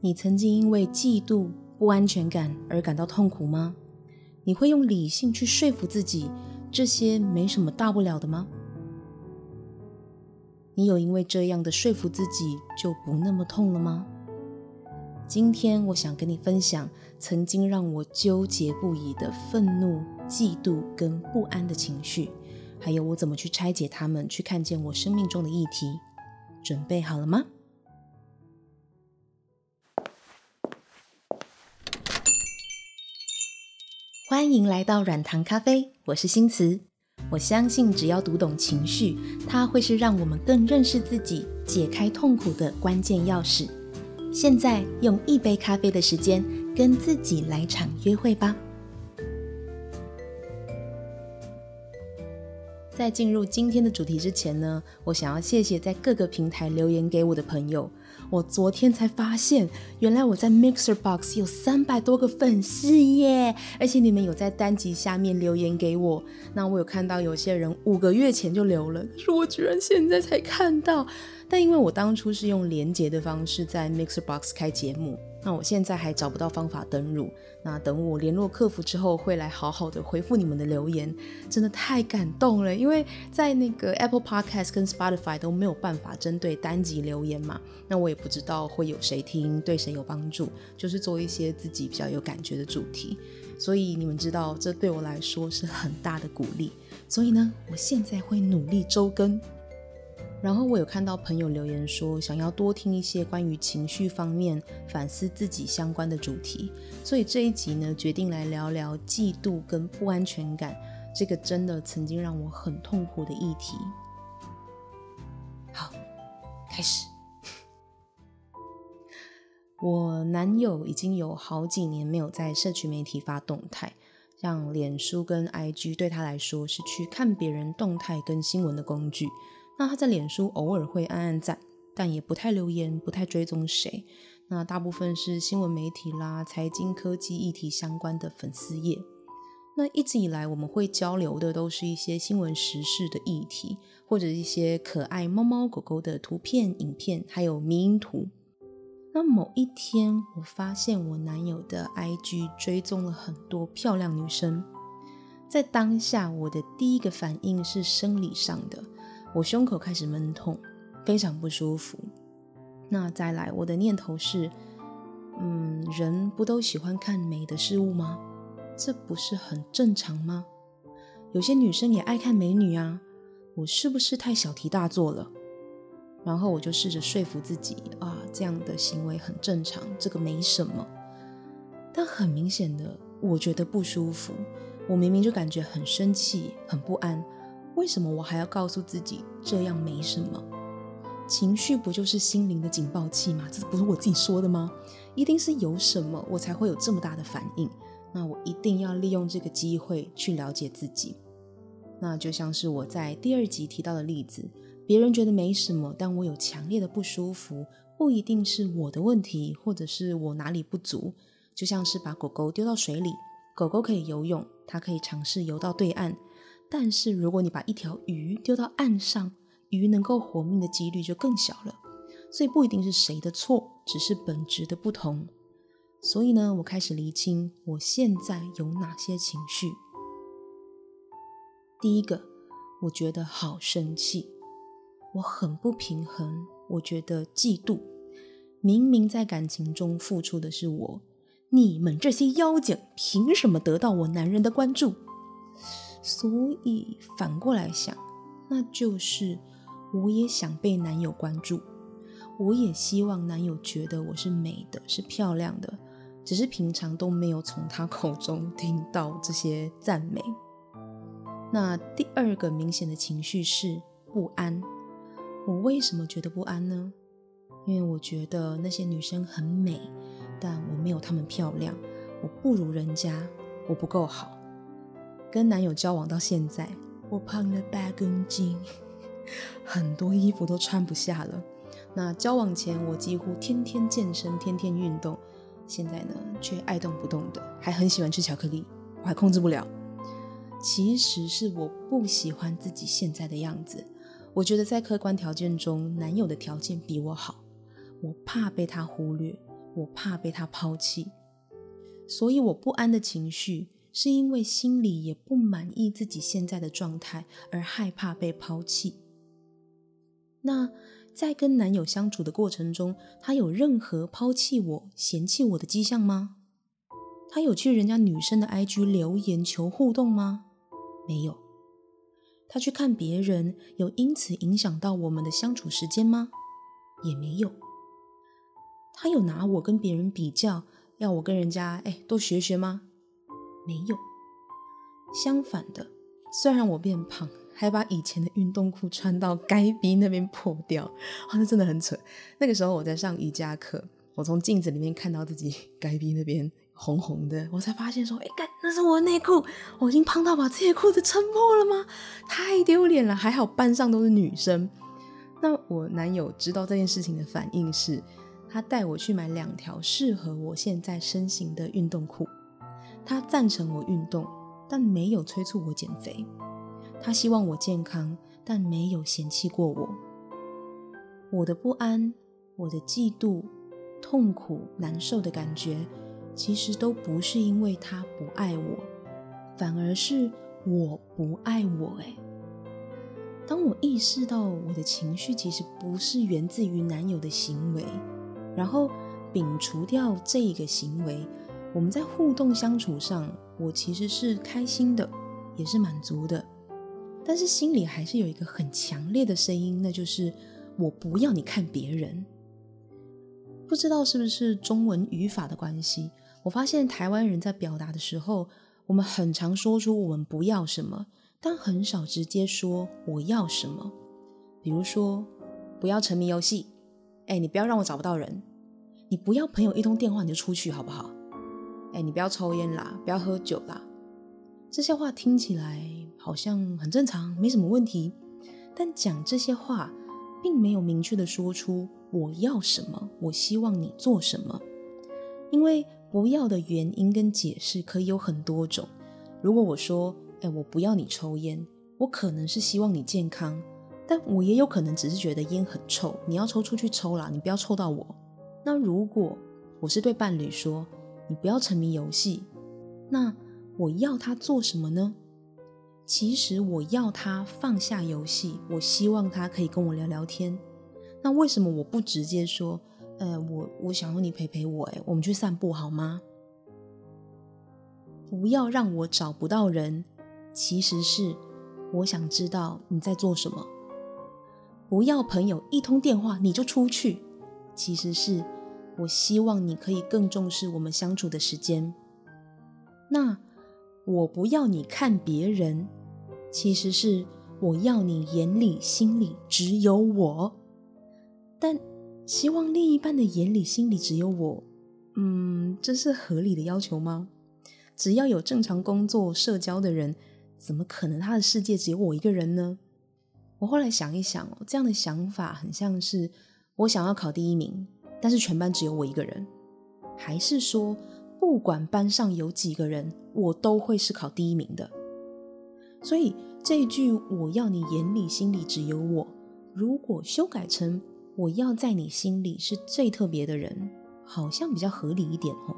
你曾經因為嫉妒、不安全感而感到痛苦嗎？你會用理性去說服自己，這些沒什麼大不了的嗎？你有因為這樣的說服自己就不那麼痛了嗎？今天我想跟你分享曾經讓我糾結不已的憤怒、嫉妒跟不安的情緒，還有我怎麼去拆解它們，去看見我生命中的議題。準備好了嗎？歡迎來到軟糖咖啡，我是歆慈。我相信只要讀懂情緒，它會是讓我們更認識自己、解開痛苦的關鍵鑰匙。現在用一杯咖啡的時間，跟自己來場約會吧。在進入今天的主題之前呢，我想要謝謝在各個平台留言給我的朋友。我昨天才發現，原來我在 Mixer Box 有三百多個粉絲耶！而且你們有在單集下面留言給我，那我有看到有些人五個月前就留了，可是我居然現在才看到，但因為我當初是用連結的方式在 Mixer Box 開節目。那我現在還找不到方法登入，那等我聯絡客服之後會來好好的回覆你們的留言，真的太感動了，因為在那個 Apple Podcast 跟 Spotify 都沒有辦法針對單集留言嘛，那我也不知道會有誰聽，對誰有幫助，就是做一些自己比較有感覺的主題，所以你們知道這對我來說是很大的鼓勵，所以呢，我現在會努力週更。然後我有看到朋友留言說，想要多聽一些關於情緒方面反思自己相關的主題，所以這一集呢，決定來聊聊嫉妒跟不安全感，這個真的曾經讓我很痛苦的議題。好，開始。 我男友已經有好幾年沒有在社群媒體發動態，像臉書跟 IG 對他來說是去看別人動態跟新聞的工具。那他在臉書偶爾會按按讚，但也不太留言，不太追蹤誰。那大部分是新聞媒體啦、財經科技議題相關的粉絲頁。那一直以來我們會交流的都是一些新聞時事的議題，或者一些可愛貓貓狗狗的圖片、影片，還有迷因圖。那某一天我發現我男友的 IG 追蹤了很多漂亮女生，在當下我的第一個反應是生理上的。我胸口開始悶痛，非常不舒服。那再來，我的念頭是，嗯，人不都喜歡看美的事物嗎？這不是很正常嗎？有些女生也愛看美女啊，我是不是太小題大做了？然後我就試着說服自己啊，這樣的行為很正常，這個沒什麼。但很明顯的，我覺得不舒服，我明明就感覺很生氣，很不安。為什麼我還要告訴自己這樣沒什麼？情緒不就是心靈的警報器嗎？這不是我自己說的嗎？一定是有什麼我才會有這麼大的反應。那我一定要利用這個機會去了解自己。那就像是我在第二集提到的例子，別人覺得沒什麼，但我有強烈的不舒服，不一定是我的問題，或者是我哪裡不足。就像是把狗狗丟到水裡，狗狗可以游泳，它可以嘗試游到對岸。.但是，如果你把一條魚丟到岸上，魚能夠活命的幾率就更小了。所以，不一定是誰的錯，只是本質的不同。所以呢，我開始釐清我現在有哪些情緒。第一個，我覺得好生氣，我很不平衡，我覺得嫉妒。明明在感情中付出的是我，你們這些妖精憑什麼得到我男人的關注？所以反過來想，那就是我也想被男友關注，我也希望男友覺得我是美的，是漂亮的，只是平常都沒有從他口中聽到這些讚美。那第二個明顯的情緒是不安。我為什麼覺得不安呢？因為我覺得那些女生很美，但我沒有她們漂亮，我不如人家，我不夠好。跟男友交往到現在，我胖了八公斤，很多衣服都穿不下了。那交往前我幾乎天天健身，天天運動，現在呢卻愛動不動的，還很喜歡吃巧克力，我還控制不了。其實是我不喜歡自己現在的樣子，我覺得在客觀條件中，男友的條件比我好，我怕被他忽略，我怕被他拋棄，所以我不安的情緒是因為心裡也不滿意自己現在的狀態，而害怕被拋棄。那在跟男友相處的過程中，他有任何拋棄我、嫌棄我的跡象嗎？他有去人家女生的 IG 留言求互動嗎？沒有。他去看別人，有因此影響到我們的相處時間嗎？也沒有。他有拿我跟別人比較，要我跟人家，哎，多學學嗎？沒有，相反的，雖然我變胖，還把以前的運動褲穿到該邊那邊破掉啊，哦，那真的很蠢。那個時候我在上瑜伽課，我從鏡子裡面看到自己該邊那邊紅紅的，我才發現說，哎，該那是我內褲，我已經胖到把這些褲子撐破了嗎？太丟臉了。還好班上都是女生。那我男友知道這件事情的反應是，他帶我去買兩條適合我現在身形的運動褲。他贊成我運動，但沒有催促我減肥。他希望我健康，但沒有嫌棄過我。我的不安、我的嫉妒、痛苦、難受的感覺，其實都不是因為他不愛我，反而是我不愛我。哎，當我意識到我的情緒其實不是源自於男友的行為，然後摒除掉這一個行為。我們在互動相處上，我其實是開心的，也是滿足的，但是心裡還是有一個很強烈的聲音，那就是我不要你看別人。不知道是不是中文語法的關係，我發現台灣人在表達的時候，我們很常說出我們不要什麼，但很少直接說我要什麼。比如說，不要沉迷遊戲，哎，你不要讓我找不到人，你不要朋友一通電話你就出去，好不好？哎，你不要抽菸啦，不要喝酒啦。這些話聽起來好像很正常，沒什麼問題。但講這些話，並沒有明確的說出我要什麼，我希望你做什麼。因為不要的原因跟解釋可以有很多種。如果我說，哎，我不要你抽菸，我可能是希望你健康，但我也有可能只是覺得菸很臭，你要抽出去抽啦，你不要抽到我。那如果我是對伴侶說，你不要沉迷遊戲，那我要他做什麼呢？其實我要他放下遊戲，我希望他可以跟我聊聊天。那為什麼我不直接說，呃，我我想讓你陪陪我、欸，哎，我們去散步好嗎？不要讓我找不到人，其實是我想知道你在做什麼。不要朋友一通電話你就出去，其實是我希望你可以更重視我們相處的時間。那我不要你看別人，其實是我要你眼裡、心裡只有我。但希望另一半的眼裡、心裡只有我，嗯，這是合理的要求嗎？只要有正常工作、社交的人，怎麼可能他的世界只有我一個人呢？我後來想一想，這樣的想法很像是我想要考第一名。但是全班只有我一個人，還是說不管班上有幾個人，我都會是考第一名的？所以這一句，我要你眼裡、心裡只有我，如果修改成我要在你心裡是最特別的人，好像比較合理一點哦。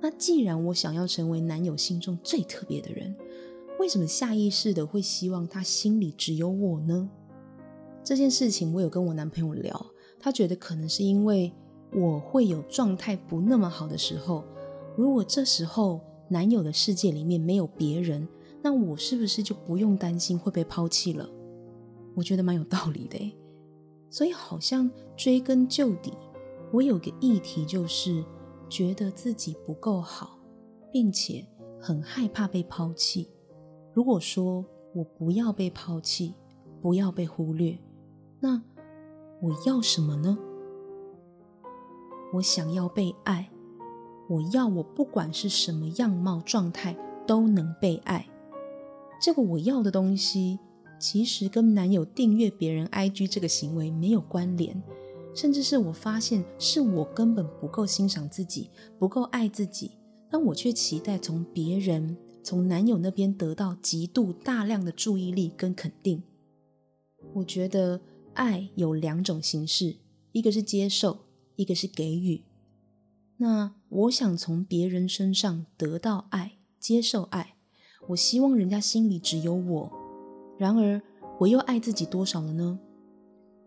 那既然我想要成為男友心中最特別的人，為什麼下意識的會希望他心裡只有我呢？這件事情我有跟我男朋友聊。他覺得可能是因為我會有狀態不那麼好的時候，如果這時候男友的世界裡面沒有別人，那我是不是就不用擔心會被拋棄了？我覺得蠻有道理的，所以好像追根究底，我有個議題就是覺得自己不夠好，並且很害怕被拋棄。如果說我不要被拋棄，不要被忽略，那。我要什麼呢？我想要被愛。我要我不管是什麼樣貌、狀態都能被愛。這個我要的東西，其實跟男友訂閱別人 IG 這個行為沒有關聯，甚至是我發現，是我根本不夠欣賞自己，不夠愛自己，但我卻期待從別人、從男友那邊得到極度大量的注意力跟肯定。我覺得。愛有兩種形式，一個是接受，一個是給予。那我想從別人身上得到愛，接受愛，我希望人家心裡只有我。然而，我又愛自己多少了呢？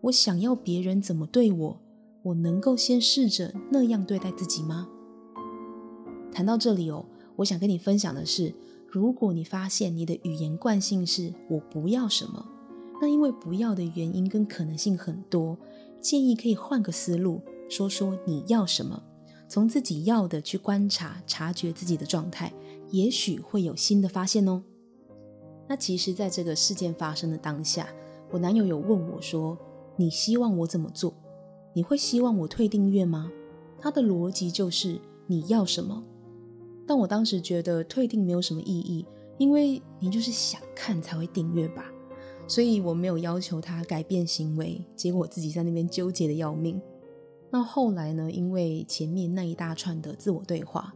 我想要別人怎麼對我，我能夠先試着那樣對待自己嗎？談到這裡哦，我想跟你分享的是，如果你發現你的語言慣性是我不要什麼，那因為不要的原因跟可能性很多，建議可以換個思路，說說你要什麼，從自己要的去觀察、察覺自己的狀態，也許會有新的發現哦。那其實，在這個事件發生的當下，我男友有問我說：“你希望我怎麼做？你會希望我退訂閱嗎？”他的邏輯就是你要什麼。但我當時覺得退訂沒有什麼意義，因為你就是想看才會訂閱吧。所以我沒有要求他改變行為，結果自己在那邊糾結的要命。那後來呢？因為前面那一大串的自我對話，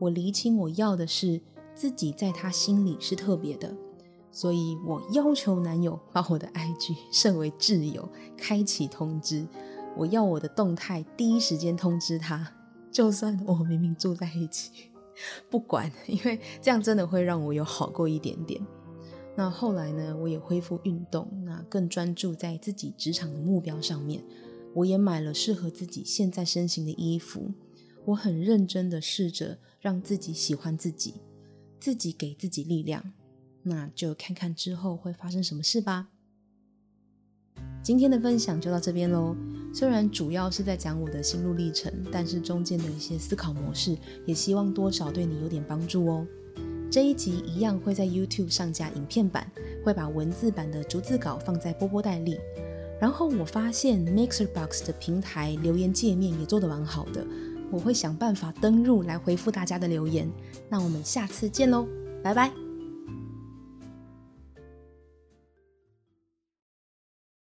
我釐清我要的是自己在他心裡是特別的，所以我要求男友把我的 IG 設為摯友，開啟通知，我要我的動態第一時間通知他，就算我明明住在一起，不管，因為這樣真的會讓我有好過一點點。那後來呢，我也恢復運動，那更專注在自己職場的目標上面。我也買了適合自己現在身形的衣服。我很認真的試着讓自己喜歡自己，自己給自己力量。那就看看之後會發生什麼事吧。今天的分享就到這邊嘍。雖然主要是在講我的心路歷程，但是中間的一些思考模式，也希望多少對你有點幫助哦。這一集一樣會在 YouTube 上架影片版，會把文字版的逐字稿放在播播袋裡。然後我發現 MixerBox 的平台留言界面也做得蠻好的，我會想辦法登入來回復大家的留言。那我們下次見嘍，拜拜。